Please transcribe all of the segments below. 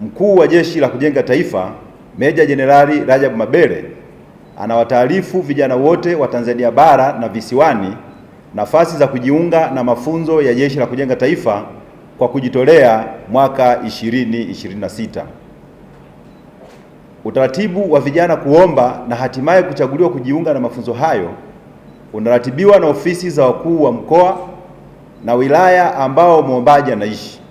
Mkuu wa Jeshi la Kujenga Taifa Meja Jenerali Rajab Mabere anawataarifu vijana wote wa Tanzania bara na visiwani nafasi za kujiunga na mafunzo ya Jeshi la Kujenga Taifa kwa kujitolea mwaka 2026. Utaratibu wa vijana kuomba na hatimaye kuchaguliwa kujiunga na mafunzo hayo unaratibiwa na ofisi za wakuu wa mkoa na wilaya ambao mwombaji anaishi.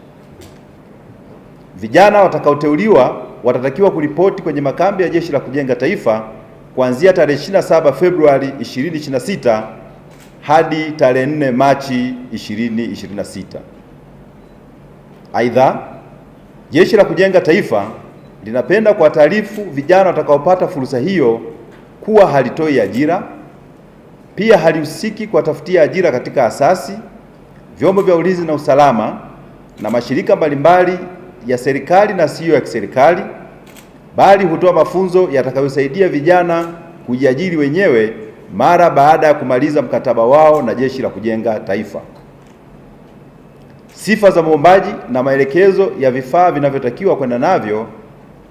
Vijana watakaoteuliwa watatakiwa kuripoti kwenye makambi ya Jeshi la Kujenga Taifa kuanzia tarehe 27 Februari 2026 hadi tarehe 4 Machi 2026. Aidha, Jeshi la Kujenga Taifa linapenda kuwataarifu vijana watakaopata fursa hiyo kuwa halitoi ajira, pia halihusiki kuwatafutia ajira katika asasi, vyombo vya ulinzi na usalama na mashirika mbalimbali ya serikali na siyo ya kiserikali, bali hutoa mafunzo yatakayosaidia vijana kujiajiri wenyewe mara baada ya kumaliza mkataba wao na Jeshi la Kujenga Taifa. Sifa za mwombaji na maelekezo ya vifaa vinavyotakiwa kwenda navyo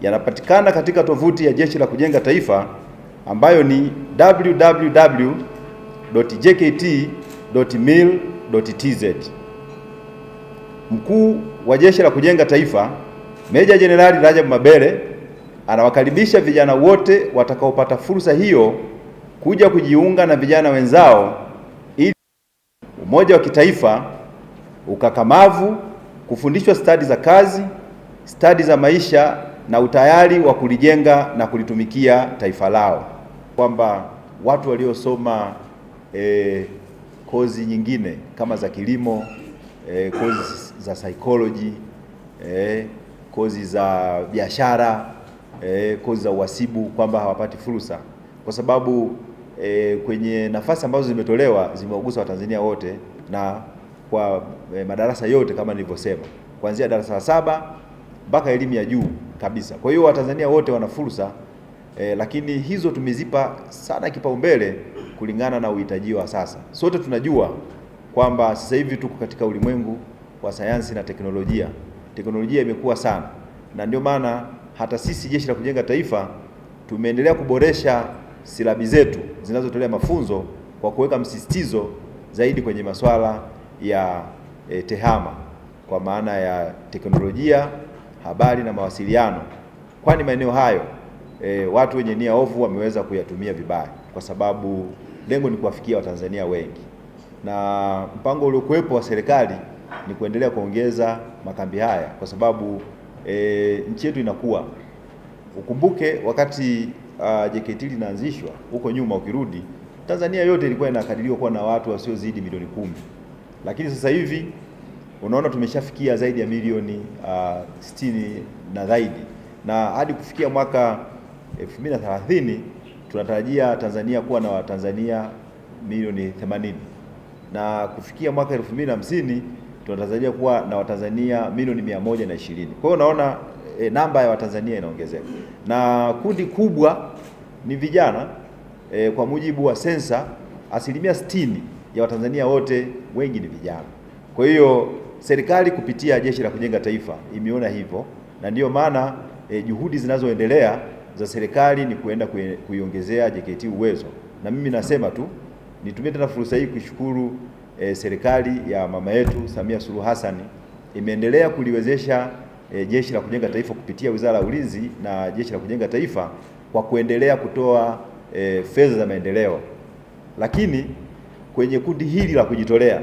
yanapatikana katika tovuti ya Jeshi la Kujenga Taifa ambayo ni www.jkt.mil.tz. Mkuu wa Jeshi la Kujenga Taifa Meja Jenerali Rajab Mabere anawakaribisha vijana wote watakaopata fursa hiyo kuja kujiunga na vijana wenzao ili umoja wa kitaifa, ukakamavu, kufundishwa stadi za kazi, stadi za maisha na utayari wa kulijenga na kulitumikia taifa lao, kwamba watu waliosoma e, kozi nyingine kama za kilimo e, kozi za psychology eh, kozi za biashara eh, kozi za uhasibu kwamba hawapati fursa kwa sababu eh, kwenye nafasi ambazo zimetolewa zimewagusa Watanzania wote na kwa eh, madarasa yote kama nilivyosema, kuanzia darasa la saba mpaka elimu ya juu kabisa. Kwa hiyo Watanzania wote wana fursa eh, lakini hizo tumezipa sana kipaumbele kulingana na uhitaji wa sasa. Sote tunajua kwamba sasa hivi tuko katika ulimwengu wa sayansi na teknolojia. Teknolojia imekuwa sana, na ndio maana hata sisi Jeshi la Kujenga Taifa tumeendelea kuboresha silabi zetu zinazotolea mafunzo kwa kuweka msisitizo zaidi kwenye masuala ya e, tehama kwa maana ya teknolojia, habari na mawasiliano, kwani maeneo hayo e, watu wenye nia ovu wameweza kuyatumia vibaya, kwa sababu lengo ni kuwafikia Watanzania wengi, na mpango uliokuwepo wa serikali ni kuendelea kuongeza makambi haya kwa sababu e, nchi yetu inakuwa. Ukumbuke wakati uh, JKT linaanzishwa huko nyuma, ukirudi Tanzania yote ilikuwa inakadiriwa kuwa na watu wasiozidi milioni kumi, lakini sasa hivi unaona tumeshafikia zaidi ya milioni uh, sitini na zaidi, na hadi kufikia mwaka 2030 tunatarajia Tanzania kuwa na Watanzania milioni 80 na kufikia mwaka 2050 tunatarajia kuwa na Watanzania milioni mia moja na ishirini. Kwa hiyo unaona e, eh, namba ya Watanzania inaongezeka na kundi kubwa ni vijana e, kwa mujibu wa sensa asilimia sitini ya Watanzania wote wengi ni vijana. Kwa hiyo serikali kupitia Jeshi la Kujenga Taifa imeona hivyo na ndiyo maana e, juhudi zinazoendelea za serikali ni kuenda kuiongezea JKT uwezo, na mimi nasema tu nitumie tena fursa hii kushukuru e, serikali ya mama yetu Samia Suluhu Hassan imeendelea kuliwezesha e, Jeshi la Kujenga Taifa kupitia Wizara ya Ulinzi na Jeshi la Kujenga Taifa kwa kuendelea kutoa e, fedha za maendeleo, lakini kwenye kundi hili la kujitolea,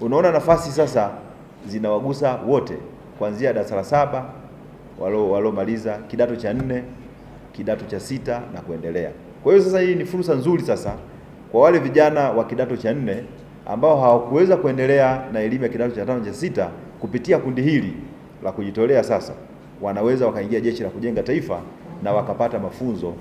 unaona nafasi sasa zinawagusa wote kuanzia darasa la saba walo walomaliza kidato cha nne kidato cha sita na kuendelea. Kwa hiyo sasa hii ni fursa nzuri sasa kwa wale vijana wa kidato cha nne ambao hawakuweza kuendelea na elimu ya kidato cha tano cha sita kupitia kundi hili la kujitolea, sasa wanaweza wakaingia Jeshi la Kujenga Taifa na wakapata mafunzo